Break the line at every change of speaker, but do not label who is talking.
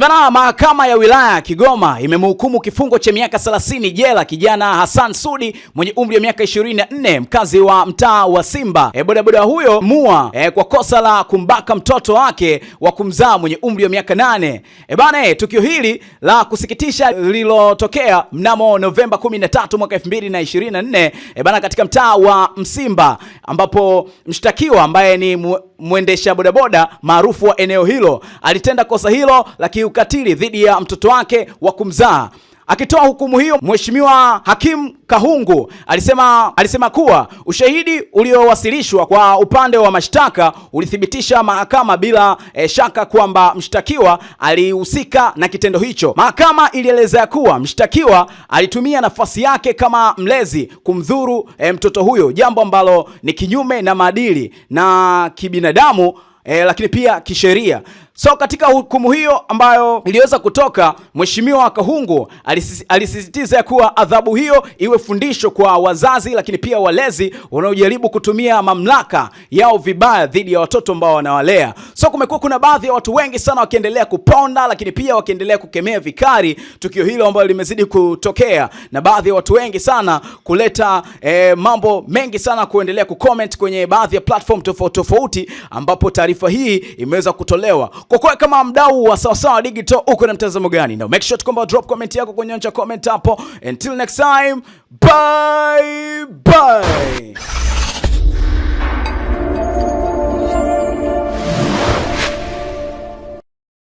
Ebana, mahakama ya wilaya Kigoma imemhukumu kifungo cha miaka 30 jela kijana Hassan Sudi mwenye umri wa miaka 24 mkazi wa mtaa wa Simba e, bodaboda huyo mua e, kwa kosa la kumbaka mtoto wake wa kumzaa mwenye umri wa miaka nane Ebana, eh, tukio hili la kusikitisha lililotokea mnamo Novemba 13 mwaka 2024 ebana, katika mtaa wa Msimba ambapo mshtakiwa ambaye ni mu mwendesha bodaboda maarufu wa eneo hilo alitenda kosa hilo la kiukatili dhidi ya mtoto wake wa kumzaa. Akitoa hukumu hiyo, Mheshimiwa Hakimu Kahungu alisema, alisema kuwa ushahidi uliowasilishwa kwa upande wa mashtaka ulithibitisha mahakama bila e, shaka kwamba mshtakiwa alihusika na kitendo hicho. Mahakama ilielezea kuwa mshtakiwa alitumia nafasi yake kama mlezi kumdhuru e, mtoto huyo, jambo ambalo ni kinyume na maadili na kibinadamu e, lakini pia kisheria. So katika hukumu hiyo ambayo iliweza kutoka, Mheshimiwa Kahungu alisisitiza kuwa adhabu hiyo iwe fundisho kwa wazazi, lakini pia walezi wanaojaribu kutumia mamlaka yao vibaya dhidi ya watoto ambao wanawalea. So kumekuwa kuna baadhi ya watu wengi sana wakiendelea kuponda, lakini pia wakiendelea kukemea vikali tukio hilo ambalo limezidi kutokea, na baadhi ya watu wengi sana kuleta eh, mambo mengi sana kuendelea kucomment kwenye baadhi ya platform tofauti tofauti, ambapo taarifa hii imeweza kutolewa. Kwa kuwa kama mdau wa sawasawa digital uko na mtazamo gani? Now make sure tu kwamba drop comment yako kwenye onja comment hapo. Until next time, bye bye.